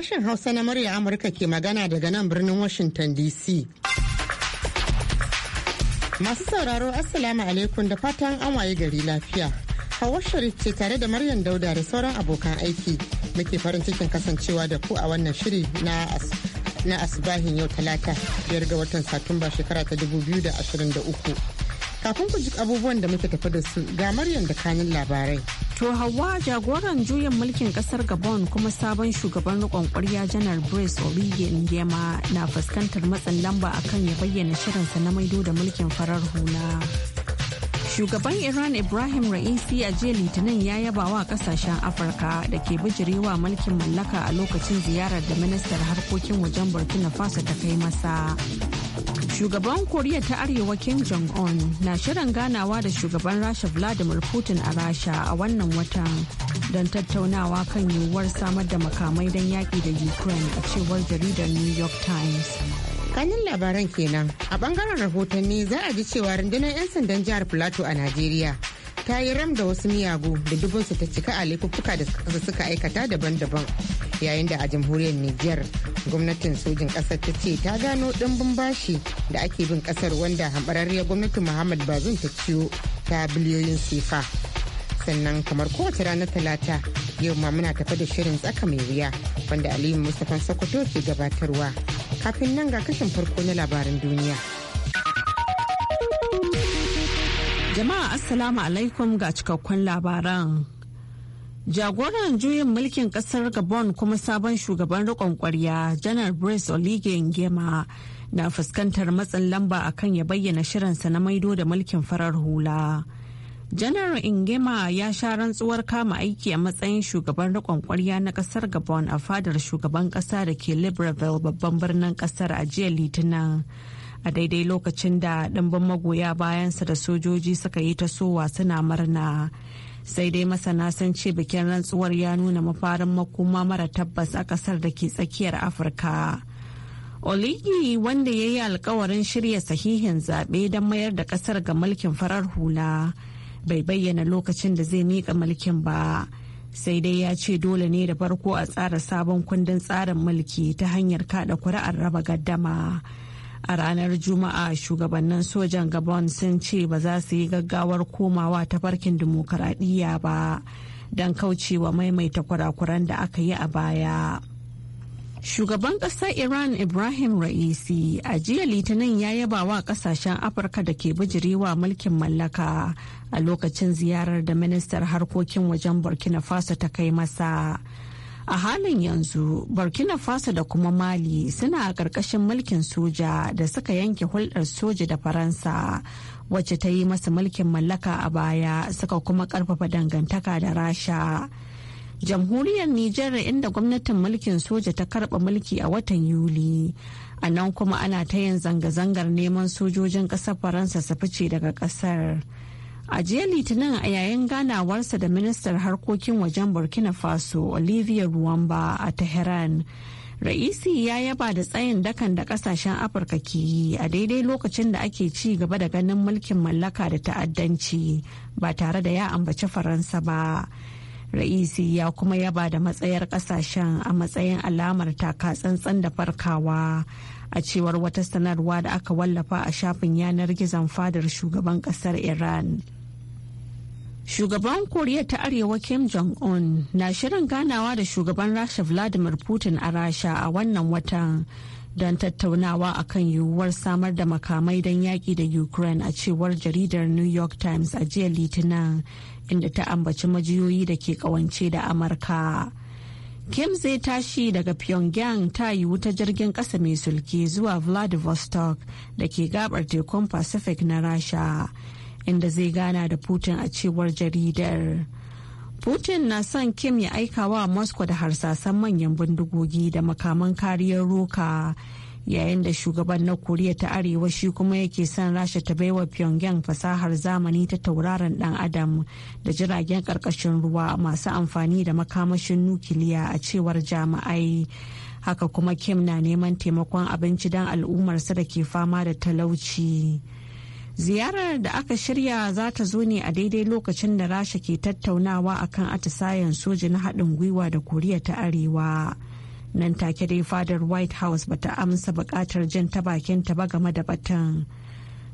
Sashen Hausa na murya Amurka ke magana daga nan birnin Washington DC. Masu sauraro Assalamu alaikum da fatan an waye gari lafiya. Hawa Sharif ce tare da Maryam Dauda da sauran abokan aiki muke farin cikin kasancewa da ku a wannan shiri na na asibahin yau talata biyar ga watan satumba shekara ta dubu biyu da da ashirin uku. kafin ku ji abubuwan da muke tafi da su ga maryam da kanin labarai To Hawa jagoran juyin mulkin kasar Gabon kuma sabon shugaban rikon kwarya janar Brice Obiye Nguema na fuskantar matsin lamba akan ya bayyana shirinsa na maido da mulkin farar hula. Shugaban Iran Ibrahim Ra'isi a jiya Litinin ya yaba wa kasashen Afirka da ke bijirewa mulkin mallaka a lokacin ziyarar da ministar harkokin wajen Burkina Faso ta kai masa. Shugaban Koriya ta Arewa Kim Jong-un na shirin ganawa da shugaban Rasha Vladimir Putin a Rasha a wannan wata don tattaunawa kan yiwuwar samar da makamai don yaƙi da Ukraine a cewar jaridar New York Times. kanin labaran kenan a bangaren rahotanni za a ji cewa rundunar 'yan sandan jihar Plateau a Najeriya ta yi ram da wasu miyagu da dubinsu ta cika a laifuffuka da suka aikata daban-daban yayin da a jamhuriyar niger gwamnatin sojin kasar ta ce ta gano dimbin bashi da ake bin kasar wanda hambararriyar gwamnatin muhammad bazum ta ciyo ta biliyoyin sifa sannan kamar kowace ranar talata yau ma muna tafa da shirin tsaka mai wuya wanda aliyu mustapha sokoto ke gabatarwa kafin nan ga kashin farko na labaran duniya. Jama'a Assalamu alaikum ga cikakkun labaran. Jagoran juyin mulkin kasar Gabon kuma sabon shugaban rikon kwarya Janar Brice Oligui Nguema na fuskantar matsin lamba akan ya bayyana shirinsa na maido da mulkin farar hula. janar ingema ya sha rantsuwar kama aiki a matsayin shugaban rikon kwarya na kasar gabon a fadar shugaban ƙasa da ke libreville babban birnin kasar a jiya litinin a daidai lokacin da ɗimbin magoya bayansa da sojoji suka yi ta sowa suna murna sai dai masana sun ce bikin rantsuwar ya nuna mafarin makoma mara tabbas a ƙasar da ke tsakiyar afirka Oligi wanda ya yi alkawarin shirya sahihin zaɓe don mayar da ƙasar ga mulkin farar hula bai bayyana lokacin da zai miƙa mulkin ba sai dai ya ce dole ne da farko a tsara sabon kundin tsarin mulki ta hanyar kaɗa kuri'ar raba gaddama a ranar juma'a shugabannin sojan gabon sun ce ba za su yi gaggawar komawa ta farkin dimokuraɗiyya ba don kaucewa maimaita kurakuran da aka yi a baya shugaban ƙasar iran ibrahim ra'isi a jiya litinin ya yaba wa ƙasashen afirka da ke bijirewa mulkin mallaka a lokacin ziyarar da ministar harkokin wajen burkina faso ta kai masa a halin yanzu burkina faso da kuma mali suna a ƙarƙashin mulkin soja da suka yanke hulɗar soja da faransa wacce ta yi masa mulkin mallaka a baya suka kuma ƙarfafa dangantaka da rasha jamhuriyar nijar inda gwamnatin mulkin soja ta karɓa mulki a watan yuli a nan kuma ana ta yin zanga-zangar neman sojojin ƙasar faransa su fice daga ƙasar. A jiya Litinin a yayin ganawarsa da ministar harkokin wajen Burkina Faso Olivia Ruwamba a Tehran. Ra'isi ya yaba da tsayin dakan da kasashen Afirka ke yi a daidai lokacin da ake ci gaba da ganin mulkin mallaka da ta'addanci ba tare da ya ambaci Faransa ba. Ra'isi ya kuma yaba da matsayar kasashen a matsayin alamar taka tsantsan da farkawa a cewar wata sanarwa da aka wallafa a shafin yanar gizon fadar shugaban kasar Iran. Shugaban Koriya ta Arewa Kim Jong-un na shirin ganawa da shugaban Rasha Vladimir Putin a Rasha a wannan watan don tattaunawa akan yiwuwar samar da makamai don yaƙi da Ukraine a cewar jaridar New York Times a jiya Litinin inda ta ambaci majiyoyi da ke kawance da Amurka. Kim zai tashi daga Pyongyang ta yiwu ta jirgin ƙasa mai sulki zuwa Vladivostok da ke gabar tekun Pacific na Rasha. inda zai gana da putin a cewar jaridar putin na son kim ya aika wa moscow da harsasan manyan bindigogi da makaman kariyar roka yayin da shugaban na koriya ta arewa shi kuma yake son rasha ta baiwa pyongyang fasahar zamani ta tauraron dan adam da jiragen karkashin ruwa masu amfani da makamashin nukiliya a cewar jami'ai haka kuma kim na neman taimakon abinci don al'ummarsa da ke fama da talauci. ziyarar da aka shirya za ta zo ne a daidai lokacin da rasha ke tattaunawa a kan atisayen soji na haɗin gwiwa da koriya ta arewa nan take dai fadar white house ba ta amsa buƙatar jin ta bakinta ba game da batun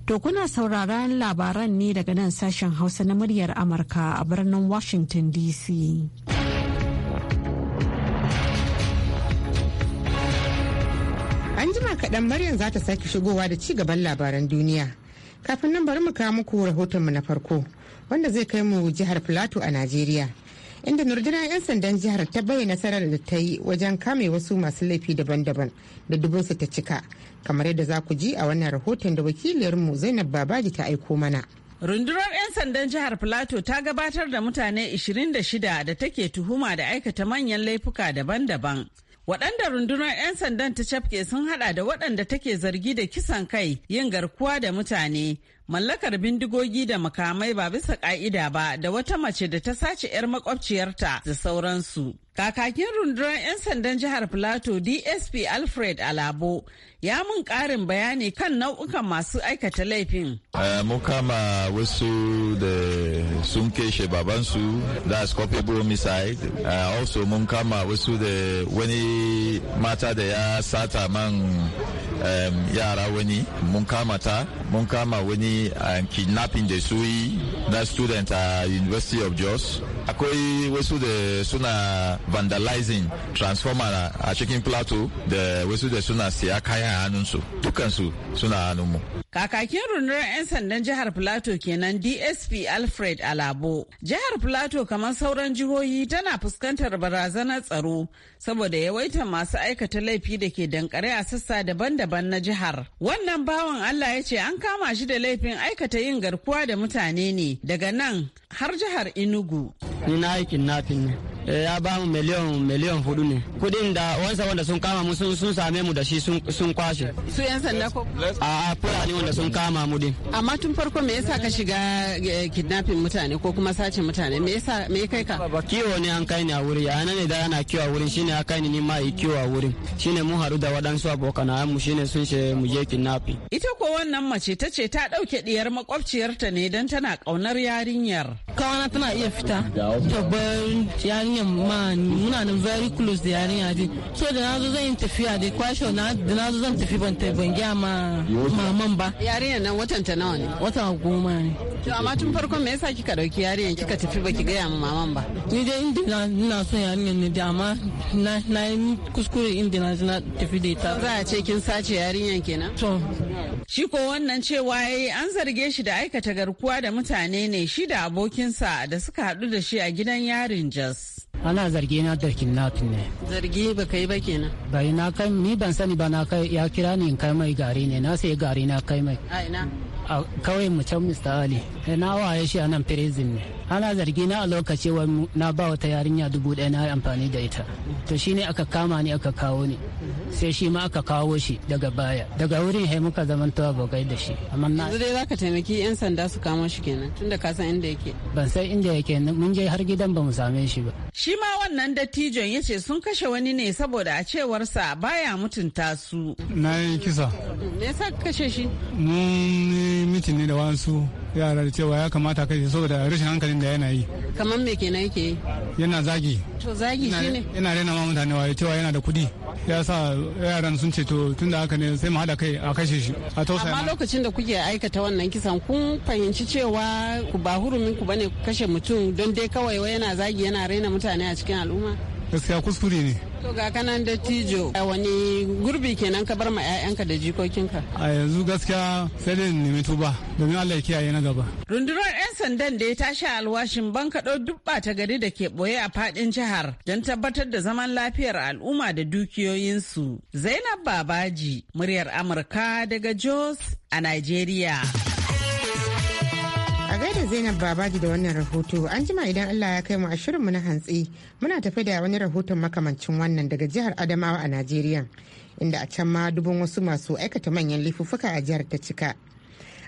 to kuna sauraron labaran ne daga nan sashen hausa na muryar amurka a birnin washington dc an jima kaɗan maryam za ta sake shigowa da ci gaban labaran duniya kafin nan bari mu kawo muku rahoton mu na farko wanda zai kai mu jihar plateau a najeriya inda rundunar 'yan sandan jihar ta bai nasarar da ta yi wajen kame wasu masu laifi daban-daban da dubinsu ta cika kamar yadda za ku ji a wannan rahoton da wakiliyarmu zainab babaji ta aiko mana Rundunar 'yan sandan jihar Plateau ta gabatar da mutane 26 da take tuhuma da aikata manyan laifuka daban-daban. Waɗanda rundunar 'yan sandan ta cafke sun haɗa da waɗanda take zargi da kisan kai yin garkuwa da mutane, mallakar bindigogi da makamai ba bisa ƙa'ida ba da wata mace da ta sace 'yar makwabciyarta da sauransu. Kakakin rundunar 'yan sandan jihar Filato DSP Alfred Alabo ya mun ƙarin bayani kan nau'ukan masu aikata laifin. Eh, mun kama wasu da sun keshe babansu that's culpable homicide. Eh, also mun kama wasu da wani mata da ya sata man yara wani mun kama ta mun kama wani eh, kidnapping da su yi na student a University of Jos. akwai wasu da suna vandalizing transformer a cikin plateau da wasu da suna siya kayan hannunsu dukansu suna hannunmu kakakin rundunar 'yan sandan jihar plateau kenan dsp alfred alabo jihar plateau kamar sauran jihohi tana fuskantar barazanar tsaro saboda yawaitar masu aikata laifi da ke dankare a sassa daban-daban na jihar wannan bawan allah ya ce an kama shi da laifin aikata yin garkuwa da mutane ne daga nan har jihar enugu ni na yi kidnapping ne Eh, ya ba mu miliyan miliyan hudu ne kudin da wansa wanda sun kama mu sun same mu da shi sun kwashe su yan sanda ko a a fulani wanda sun kama mu din amma tun farko me yasa ka shiga eh, kidnapping mutane ko kuma sace mutane me yasa me kai ka kiwo ne an kai ni a wuri a ne da ana kiwo a wurin shine aka ni ni ma yi kiwo a wurin shine mun haru da waɗansu abokan mu shine sun ce mu je kidnapping ita ko wannan mace ta ce ta ɗauke ɗiyar makwabciyarta ne don tana ƙaunar yarinyar kawana tana iya fita to ban yarinyar yarinyar ma muna nan very close da yarinya din so da nazo zan yi tafiya dai kwasho na da nazo zan tafi ban ta ban gya ma maman ba yarinyar nan watan ta nawa ne wata goma ne to amma tun farkon me yasa kika dauki yarinya kika tafi baki gaya ma maman ba ni dai inda na son yarinya ne da amma na na kuskure inda na na tafi da ita za a ce kin sace yarinya kenan to shi ko wannan cewa yayi an zarge shi da aikata garkuwa da mutane ne shi da abokinsa da suka haɗu da shi a gidan yarin Jos. ana zargi na da kidnapping ne zargi ba kai ba kenan bai na kai ni ban sani ba na kai ya kira ni in kai mai gari ne na sai gari na kai mai a kawai mu can Mr. Ali eh, na waye shi anan nan prison ne ana zargi na a lokaci na ba wata yarinya dubu ɗaya na amfani da ita to shine aka kama ni aka kawo ni sai shi ma aka kawo shi daga baya daga wurin hai muka zamanto abokai da shi amma na yanzu dai zaka taimaki yan sanda su kama shi kenan tunda ka san inda yake ban san inda yake mun je har gidan bamu same shi ba shi ma wannan dattijon yace sun kashe wani ne saboda a cewar sa baya mutunta su na yi kisa me yasa kashe shi mun yi mitin ne da wasu yara da cewa ya kamata kai saboda rashin hankalin da yana yi kamar me kenan yake yi yana zagi to zagi shine yana rena ma mutane waye cewa yana da kudi ya sa yaran sun ce to tunda haka ne sai mu hada kai a kashe shi a tausaya amma lokacin da kuke aikata wannan kisan kun fahimci cewa ku ba hurumin ku bane ku kashe mutum don dai kawai yana zagi yana rena mutane a cikin al'umma gaskiya kuskure ne to ga kanan da tijo wani gurbi kenan ka bar ma 'ya'yanka da jikokinka a yanzu gaskiya sai dai nemi tuba domin allah ya kiyaye na gaba rundunar 'yan sandan da ya tashi alwashin bankaɗo dubba ta gari da ke ɓoye a faɗin jihar don tabbatar da zaman lafiyar al'umma da dukiyoyinsu zainab babaji muryar amurka daga jos a nigeria A da Zainab Babaji da wannan rahoto an jima idan Allah ya kai mu a shirinmu na hantsi muna tafi da wani rahoton makamancin wannan daga jihar Adamawa a Najeriya inda a can ma dubun wasu masu aikata manyan laifuka a jihar ta cika.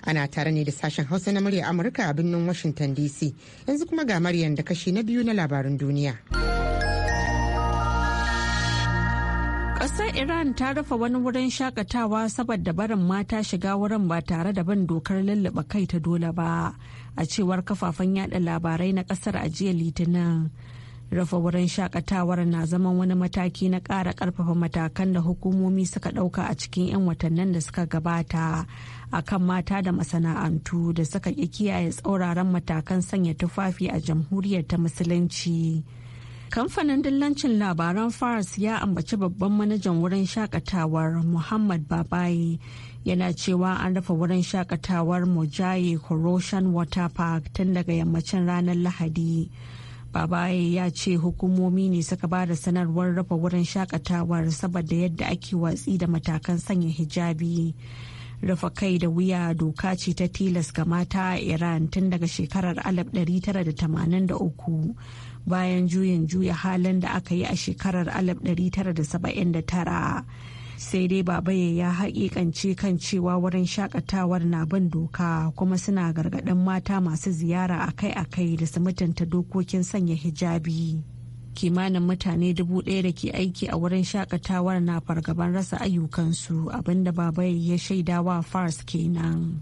Ana tare ne da sashen Hausa na murya Amurka a birnin Washington DC yanzu kuma ga maryan da kashi na biyu na labarin duniya. Ƙasar Iran ta rufe wani wurin shakatawa saboda barin mata shiga wurin ba tare da bin dokar lallaba kai ta dole ba, a cewar kafafen yada labarai na ƙasar a jiya Litinin. rufe wurin shakatawar na zaman wani mataki na ƙara ƙarfafa matakan da hukumomi suka ɗauka a cikin 'yan watannin da suka gabata a kan mata da masana'antu da suka ƙi kiyaye tsauraran matakan sanya tufafi a jamhuriyar ta musulunci Kamfanin dillancin labaran Fars ya ambaci babban manajan wurin shakatawar Muhammad Babaye yana cewa an rufe wurin shakatawar Mojaye Corrosion Water Park tun daga yammacin ranar Lahadi. Babaye ya ce hukumomi ne suka ba da sanarwar rufe wurin shakatawar saboda yadda ake watsi da matakan sanya hijabi. Rufe kai da wuya doka ce ta tilas ga mata a Iran tun daga shekarar 1983. bayan juyin juya halin da aka yi a shekarar 1979 sai dai babaye ya haƙiƙance kan cewa wurin shakatawar na bin doka kuma suna gargaɗin mata masu ziyara akai-akai da su mutunta dokokin sanya hijabi kimanin mutane dubu ɗaya da ke aiki a wurin shakatawar na fargaban rasa ayyukansu abinda babaye ya shaidawa fars kenan.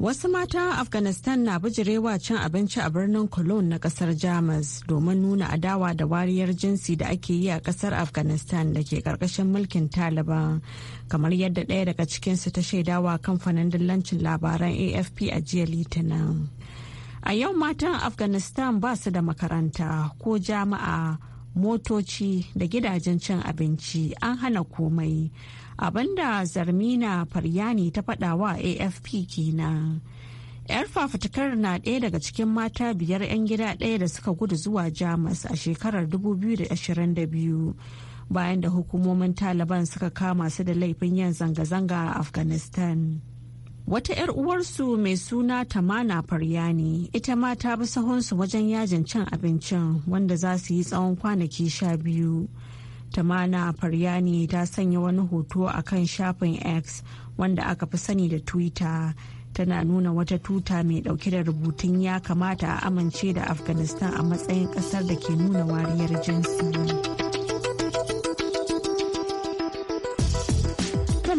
Wasu mata Afghanistan na bijirewa cin abinci a birnin Cologne na kasar Jamus domin nuna adawa da wariyar jinsi da ake yi a kasar Afghanistan da ke karkashin mulkin Taliban. Kamar yadda ɗaya daga cikinsu ta shaidawa kamfanin dillancin labaran AFP a jiya Litinin. A yau matan Afghanistan ba su da makaranta ko jama'a. motoci da gidajen cin abinci an hana komai abinda zarmina faryani ta faɗawa afp kenan yar fafutukar na ɗaya daga cikin mata biyar 'yan gida ɗaya da suka gudu zuwa jamus a shekarar 2022 bayan da hukumomin taliban suka kama su da laifin yin zanga-zanga a afghanistan wata 'yar uwarsu mai suna tamana faryani ita ma ta bi sahunsu wajen yajin cin abincin wanda za su yi tsawon kwanaki sha biyu tamana faryani ta sanya wani hoto a kan shafin x wanda aka fi sani da twitter tana nuna wata tuta mai dauke da rubutun ya kamata a amince da afghanistan a matsayin kasar da ke nuna wariyar jinsi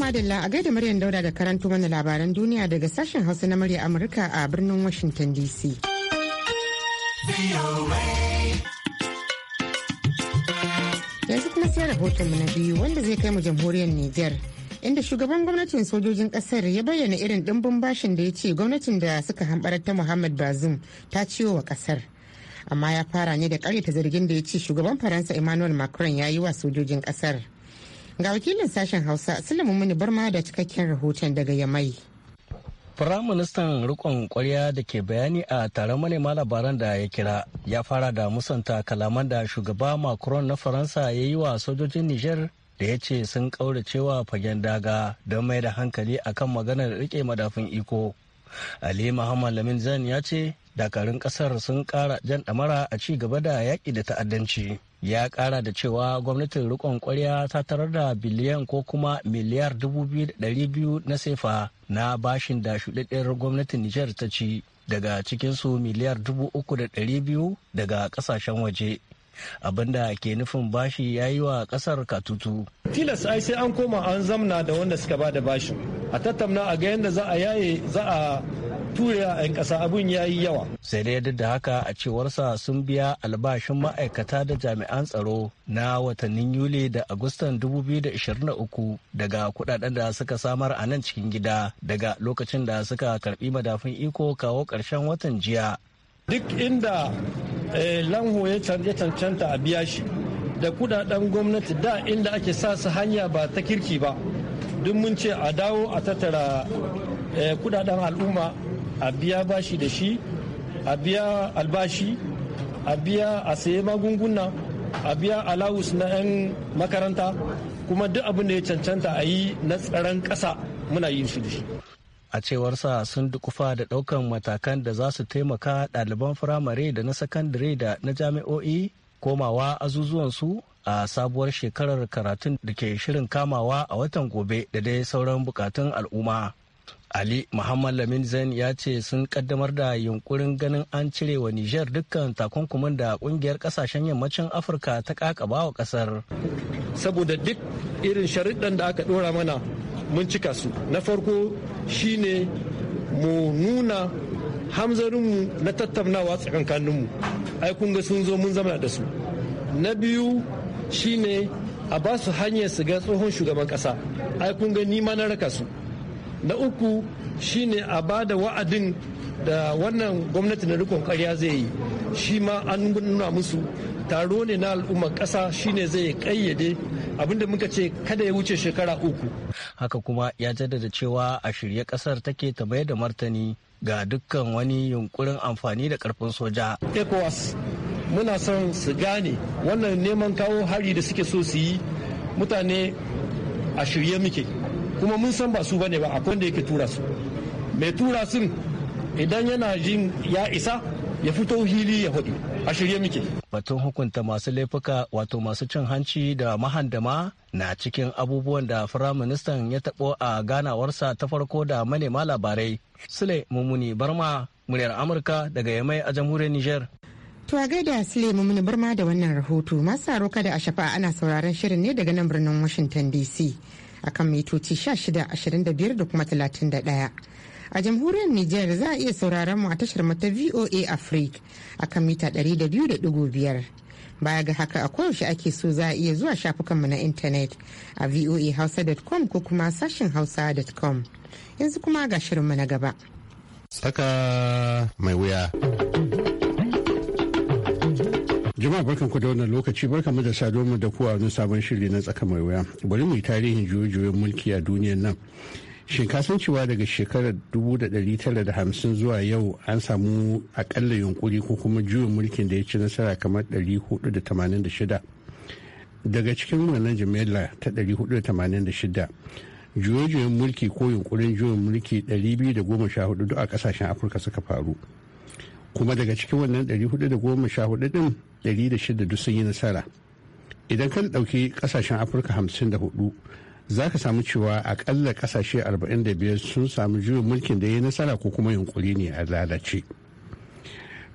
madalla a gaida muryar dauda da karanto mana labaran duniya daga sashen hausa na murya amurka a birnin washington dc sai rahotonmu na biyu wanda zai kai mu jamhuriyar Nijar. Inda shugaban gwamnatin sojojin kasar ya bayyana irin dimbin bashin da ya ce gwamnatin da suka hambarar ta Muhammad Bazoum ta ciwo wa kasar. Amma ya fara ne da karyata zargin da ya ce shugaban Faransa Emmanuel Macron ya yi wa sojojin kasar. Ga wakilin sashen Hausa Sulaiman Muni Barma da cikakken rahoton daga Yamai. Firaministan rikon kwarya da ke bayani a taron manema labaran da ya kira ya fara da musanta kalaman da shugaba Macron na Faransa ya yi wa sojojin Niger da ya ce sun cewa fagen daga don mai da hankali akan maganar rike madafin iko. Ali Muhammad Lamin Zan ya ce dakarun kasar sun kara jan damara a ci gaba da yaƙi da ta'addanci. Ya kara da cewa gwamnatin rikon kwarya ta tarar da biliyan ko kuma miliyar dubu biyu na sefa na bashin da shuɗaɗɗiyar gwamnatin Nijar ta ci daga cikinsu miliyar dubu uku da ɗari biyu daga ƙasashen waje abinda ke nufin bashi ya yi wa kasar katutu. tilas ai sai an koma an zamna da wanda suka ba da bashi a tattauna a ga yadda za a yaye za a a 'yan kasa abun ya yi yawa. sai dai duk da haka a cewarsa sun biya albashin ma'aikata da jami'an tsaro na watannin yuli da agustan 2023 daga kudaden da suka samar a nan cikin gida daga lokacin da suka karbi madafin iko kawo karshen watan jiya duk inda eh, lanho ya cancanta a biya shi da kudaden gwamnati da inda ake sa su hanya ba ta kirki ba duk mun ce a dawo a tattara eh, kudaden al'umma a biya bashi da shi a biya albashi a biya a saye magunguna a biya alawus na 'yan makaranta kuma duk abin da ya cancanta a yi na tsaron ƙasa muna yin su da shi a cewarsa sun dukufa da ɗaukan matakan da za su taimaka ɗaliban firamare da na sakandare da na jami'o'i komawa azuzuwansu a sabuwar shekarar karatun da ke shirin kamawa a watan gobe da dai sauran bukatun al'umma. Ali Muhammad Lamin Zain ya ce sun kaddamar da yunkurin ganin an cire wa Nijar dukkan takunkumin da kungiyar kasashen yammacin Afirka ta kakaba wa kasar. Saboda duk irin sharuɗan da aka ɗora mana mun cika su na farko shine mu nuna hamzarinmu na tattaunawa tsakankaninmu ai kun ga sun zo mun zama da su na biyu shine a ba su hanyar su ga tsohon shugaban kasa ai kun ni ma na raka su na uku shine a ba da wa'adin da wannan gwamnati na rikon karya zai yi shi ma an nuna musu taro ne na al'ummar ƙasa shine zai kayyade abinda muka ce kada ya wuce shekara uku haka kuma ya jaddada cewa a shirye ƙasar take ta bayar da martani ga dukkan wani yunkurin amfani da karfin soja ecowas muna son su gane wannan neman kawo hari da suke so su yi mutane a shirye muke kuma mun san ba su bane ba akwai wanda yake tura su mai tura sun idan yana jin ya isa ya fito hili ya hudu a shirye muke batun hukunta masu laifuka wato masu cin hanci da mahandama na cikin abubuwan da firaministan ya tabo a ganawarsa ta farko da manema labarai sule mummuni barma muryar amurka daga yamai a jamhuriyar niger To a gaida Sule Mumuni Barma da wannan rahoto masu kada a shafa ana sauraron shirin ne daga nan birnin Washington DC akan mitoci 1625 da kuma 31. A jamhuriyar Nijar za a iya sauraron mu a tashar mata VOA Africa akan mita 200.5. Baya ga haka a koyaushe ake so za a iya zuwa shafukanmu na intanet a voahausa.com ko kuma sashen hausa.com. Yanzu kuma ga shirinmu na gaba. saka mai wuya. Jama'a barkan ku da wannan lokaci barkan mu da sado mu da kuwa wani sabon shiri na tsaka mai waya Bari mu yi tarihin juyoyin mulki a duniyar nan. Shin ka san cewa daga shekarar da 1950 zuwa yau an samu akalla yunkuri ko kuma juyin mulkin da ya ci nasara kamar 486. Daga cikin wannan jimilla ta 486 juye-juyen mulki ko yunkurin juyin mulki 214 duk a kasashen Afirka suka faru. kuma daga cikin wannan 414 din 106 duk sun yi nasara idan kan ɗauki ƙasashen afirka 54 za ka samu cewa akalla ƙasashe 45 sun samu juyin mulkin da ya yi nasara ko kuma yunkuri ne a lalace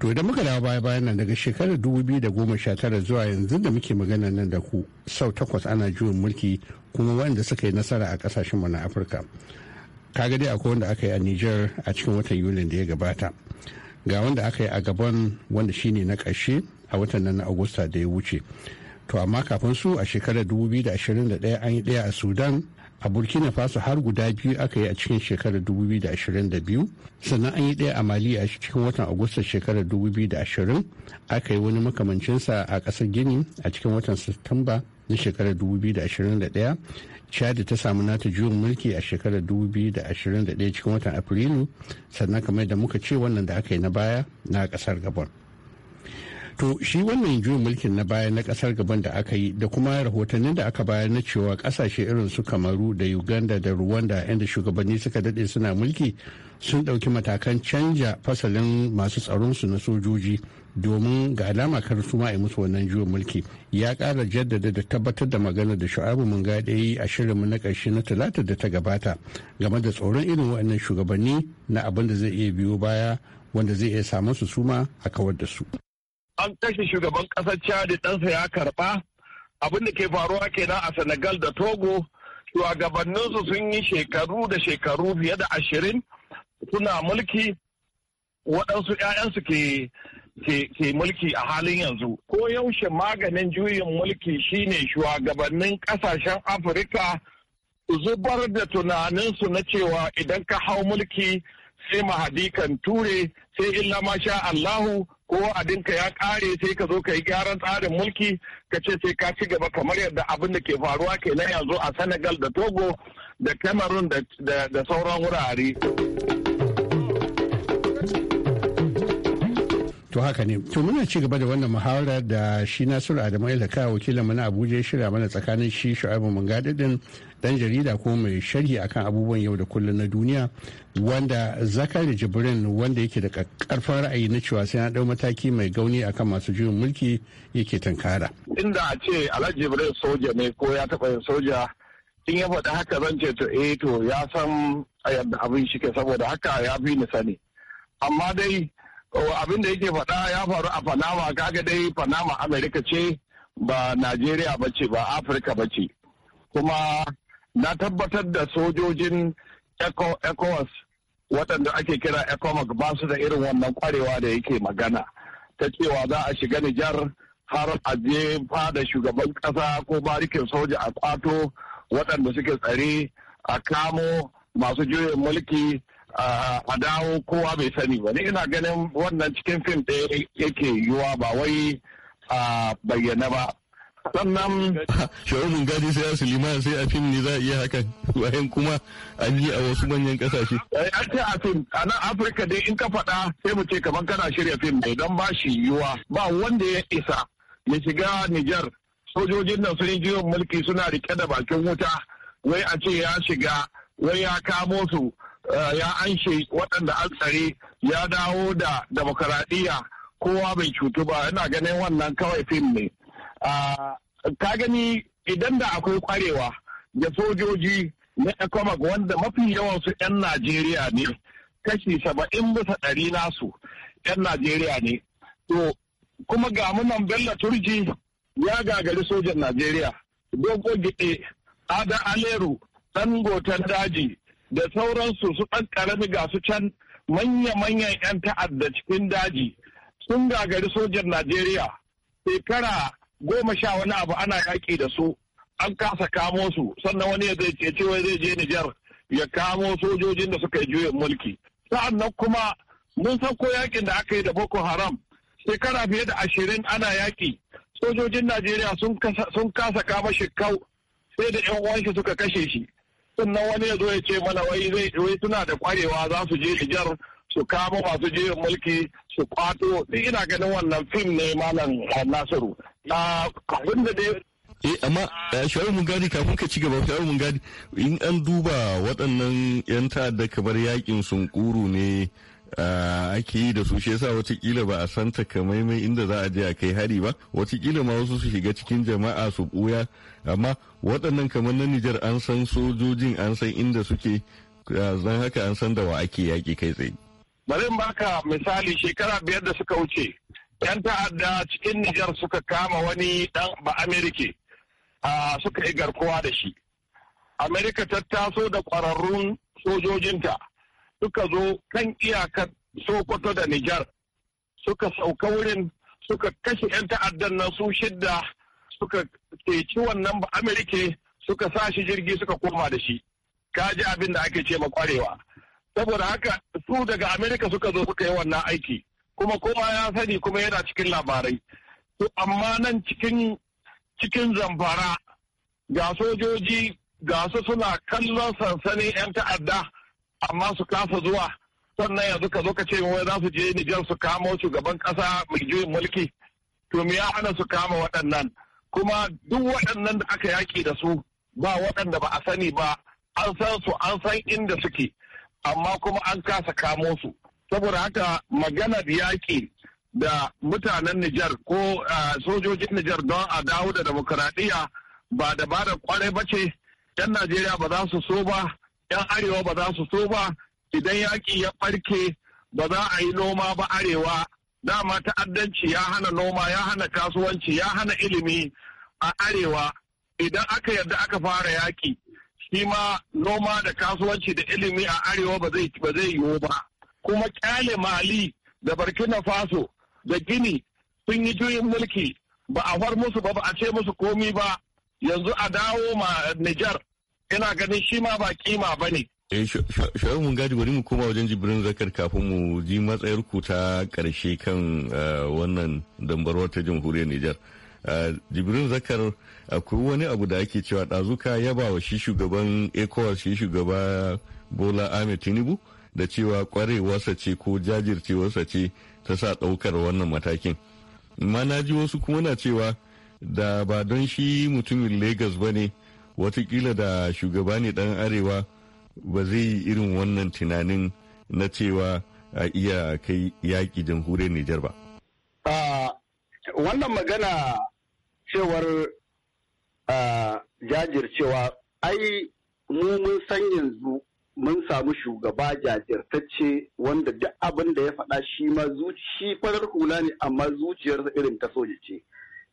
to idan muka dawo baya bayan nan daga shekarar 2019 zuwa yanzu da muke magana nan da ku sau takwas ana juyin mulki kuma wanda suka yi nasara a ƙasashen na afirka kaga dai akwai wanda aka yi a niger a cikin watan yulin da ya gabata ga wanda aka yi a gaban wanda shine na ƙarshe a watan nan na agusta da ya wuce to amma kafin su a shekarar 2021 an yi ɗaya a sudan a burkina faso har guda biyu aka yi a cikin shekarar 2022 sannan an yi ɗaya a mali a cikin watan agusta shekarar 2020 aka yi wani makamancinsa a ƙasar gini a cikin watan satamba na shekarar 2021 chad ta samu nata juyin mulki a shekarar 2021 cikin watan afrilu sannan kamar da muka ce wannan da aka yi na baya na kasar gabon to shi wannan juyin mulkin na baya na kasar gabon da aka yi da kuma rahotannin da aka bayar na cewa kasashe irin su kamaru da uganda da rwanda inda shugabanni suka dade suna mulki sun ɗauki matakan canja fasalin masu tsaron su na sojoji domin ga alama kar su ma a musu wannan juyin mulki ya kara jaddada da tabbatar da magana da shu'abu mun gada yi a shirinmu na ƙarshe na talata da ta gabata game da tsoron irin waɗannan shugabanni na abin da zai iya biyo baya wanda zai iya samun su suma a kawar da su. an kashe shugaban ƙasar chad ɗansa ya karɓa abin da ke faruwa kenan a senegal da togo shugabanninsu sun yi shekaru da shekaru fiye da ashirin suna mulki waɗansu 'ya'yansu ke ke mulki a halin yanzu. Ko yaushe maganin juyin mulki shine shugabannin kasashen Afirka zubar da tunaninsu na cewa idan ka hau mulki sai mahadikan ture sai illa sha Allahu ko adinka ya kare sai ka zo ka yi gyaran tsarin mulki ka ce sai ka ci gaba kamar yadda abin da ke faruwa kenan yanzu a Senegal da Togo da Cameroon da sauran wurare. to haka ne to muna ci gaba da wannan muhawara da shi nasiru adamu ilaka wakilin mana abuja ya shirya mana tsakanin shi shu'aibu mun din dan jarida ko mai sharhi akan abubuwan yau da kullum na duniya wanda zakari jibrin wanda yake da ƙarfin ra'ayi na cewa sai na dau mataki mai gauni akan masu juyin mulki yake tunkara. inda a ce alhaji jibrin soja ne ko ya taɓa yin soja in ya faɗi haka zan ce to eh to ya san yadda abin shi ke saboda haka ya bi ni sani amma dai abin da yake faɗa ya faru a Panama kaga dai Panama Amerika ce ba Najeriya ba ce ba Afirka ba ce. Kuma na tabbatar da sojojin ECOWAS waɗanda ake kira ECOMAC ba su da irin wannan kwarewa da yake magana ta cewa za a shiga Nijar har a je fada shugaban ƙasa ko barikin soja a kwato waɗanda suke tsare a kamo masu juyin mulki a dawo kowa bai sani ba ne ina ganin wannan cikin fim ɗaya yake yiwuwa ba wai a bayyana ba sannan shawarar gadi sai su liman sai a fim ne za a iya hakan bayan kuma an yi a wasu manyan kasashe eh, an ce a fim a nan afirka dai in ka faɗa sai mu ce kamar kana shirya fim ne don ba shi yiwuwa ba wanda ya isa ya shiga nijar sojojin nan sun yi mulki suna rike da bakin wuta wai a ce ya shiga wai ya kamo su Eh, ya anshe waɗanda an tsare ya dawo da demokaradiyya kowa bai cutu ba Yana ganin wannan kawai fim ne ah, ka gani idan da akwai kwarewa da sojoji na ecomac wanda mafi yawansu 'yan najeriya ne kashi saba'in bisa ɗari nasu 'yan najeriya ne to kuma ga munan bello turji ya gagari sojan najeriya dogo gide ada aleru dan gotan daji da sauransu su ɗan ƙarami ga su can manya-manyan 'yan ta'adda cikin daji sun gagari sojan Najeriya shekara goma sha wani abu ana yaƙi da su an kasa kamo su sannan wani ya zai ce cewa zai je Nijar ya kamo sojojin da suka yi juyin mulki sa'annan kuma mun san ko yaƙin da aka yi da Boko Haram shekara fiye da ashirin ana yaƙi sojojin Najeriya sun kasa kama shi kau sai da 'yan uwanshi suka kashe shi sannan wani ya zo ya ce mana wai wai suna da kwarewa za su je Nijar su kama masu je mulki su kwato duk ina ganin wannan fim ne malam Nasiru ah, abin da dai eh amma eh, shawar mun gani kafin ka ci gaba shawar mun gani in an duba waɗannan yan ta'adda kamar yakin sunkuru ne ake yi da su shi yasa watakila ba a san takamaimai inda za a je a kai hari ba watakila ma wasu su shiga cikin jama'a su buya amma waɗannan kamar na nijar an san sojojin an san inda suke zan haka an san da wa ake yaƙi kai tsaye. bari in baka misali shekara biyar da suka wuce yan ta'adda cikin nijar suka kama wani dan ba amerike suka yi garkuwa da shi amerika ta taso da kwararrun sojojinta suka zo kan iyakar sokoto da nijar suka sauka wurin suka kashe 'yan ta'addan nan su shidda suka teci wannan ba Amerika suka sa shi jirgi suka koma da shi kaji ji abin da ake ce ma kwarewa saboda haka su daga amerika suka zo suka yi wannan aiki kuma kowa ya sani kuma yana cikin labarai to amma nan cikin cikin zamfara ga sojoji ga su suna kallon sansanin 'yan ta'adda amma su kasa zuwa sannan yanzu ka zo ka ce wai za su je Nijar su kamo shugaban kasa mai juyin mulki to me ya hana su kama waɗannan kuma duk waɗannan da aka yaƙi da su ba waɗanda ba a sani ba an san su an san inda suke amma kuma an kasa kamo su saboda haka maganar yaƙi da mutanen Nijar ko sojojin Nijar don a dawo da demokuraɗiyya ba da ba da kwarai ba ce 'yan Najeriya ba za su so ba 'yan arewa ba za su so ba idan yaƙi ya ɓarke ba za a yi noma ba arewa dama ta'addanci ya hana noma ya hana kasuwanci ya hana ilimi a arewa idan aka yarda aka fara yaƙi shi ma noma da kasuwanci da ilimi a arewa ba zai ba zai yiwu ba kuma kyale mali da burkina faso da gini sun yi juyin mulki ba a far musu ba ba a ce musu komi ba yanzu a dawo ma nijar ina ganin shi ma ba kima ba ne. Eh, Shawarar mun gadi bari mu koma wajen jibirin zakar kafin mu ji matsayar ku ta karshe kan eh, wannan dambarwar ta jamhuriyar Nijar. Eh, jibirin zakar akwai wani abu da ake cewa ɗazuka yaba wa shi shugaban ECOWAS shi shugaba Bola Ahmed Tinubu da cewa kwarewarsa ce ko jajircewarsa ce ta sa ɗaukar wannan matakin. Amma na ji wasu kuma na cewa da ba don shi mutumin Legas ba ne. watakila da shugaba ne dan arewa ba zai yi irin wannan tunanin na cewa a iya kai yaƙi jamhuriyar Nijar ba. Wannan magana cewar jajircewa ai mu mun san yanzu mun samu shugaba jajirtacce wanda duk abin da ya faɗa shi ma zuci farar hula ne amma zuciyarsa irin ta soja ce.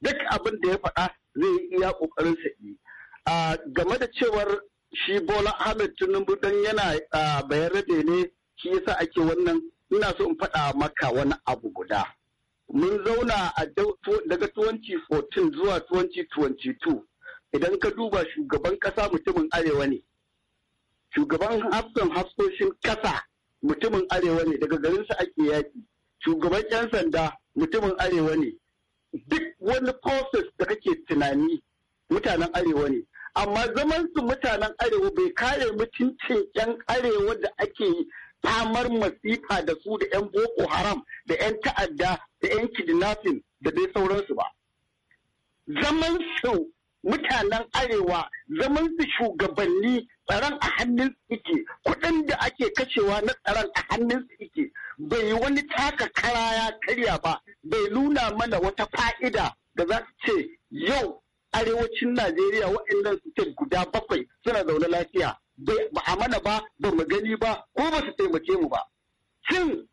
Duk abin da ya faɗa zai iya ƙoƙarin sa'i game da cewar shi Bola Ahmed Tinubu dan yana bayar da ne shi yasa ake wannan ina so in faɗa maka wani abu guda. Mun zauna a daga 2014 zuwa 2022 idan ka duba shugaban kasa mutumin arewa ne. Shugaban hafsan hafsoshin ƙasa mutumin arewa ne daga garinsa ake yaki. Shugaban 'yan sanda mutumin arewa ne. Duk wani process da kake tunani mutanen arewa ne. amma zaman su mutanen arewa bai kare mutuncin yan arewa da ake tamar masifa da su da yan boko haram da yan ta'adda da yan kidnapping da dai sauransu ba zaman su mutanen arewa zaman su shugabanni tsaron a hannun su ike kuɗin da ake kashewa na tsaron a hannun su ike bai wani taka kara ya karya ba bai nuna mana wata fa'ida da za su ce yau arewacin Najeriya waɗannan state guda bakwai suna zaune lafiya. Ba a mana ba, ba mu gani ba, ko ba su taimake mu ba. Shin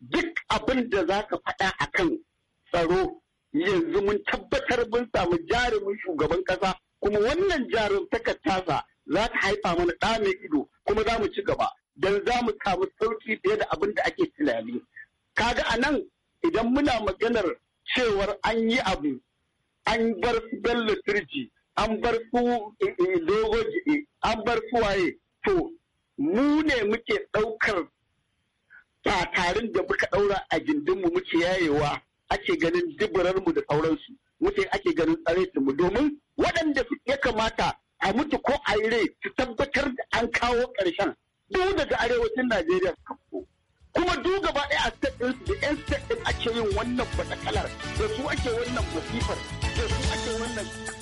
duk abin da za ka faɗa a kan tsaro yanzu mun tabbatar mun samu jarumin shugaban ƙasa kuma wannan jarum tasa za ta haifa mana ɗa mai ido kuma za mu ci gaba don za mu samu sauki fiye da abin da ake tunani. Kaga a nan idan muna maganar cewar an yi abu an bar su bello turji an bar su eh, eh, dogo an bar su waye to mu ne muke ɗaukar tatarin da muka ɗaura a gindinmu muke yayewa ake ganin duburarmu da sauransu muke ake ganin mu domin waɗanda ya kamata a mutu ko a yi rai su tabbatar da an kawo ƙarshen duk daga arewacin najeriya kuma duk gaba ɗaya a state da yan state ake yin wannan batakalar da su ake wannan masifar da su ake wannan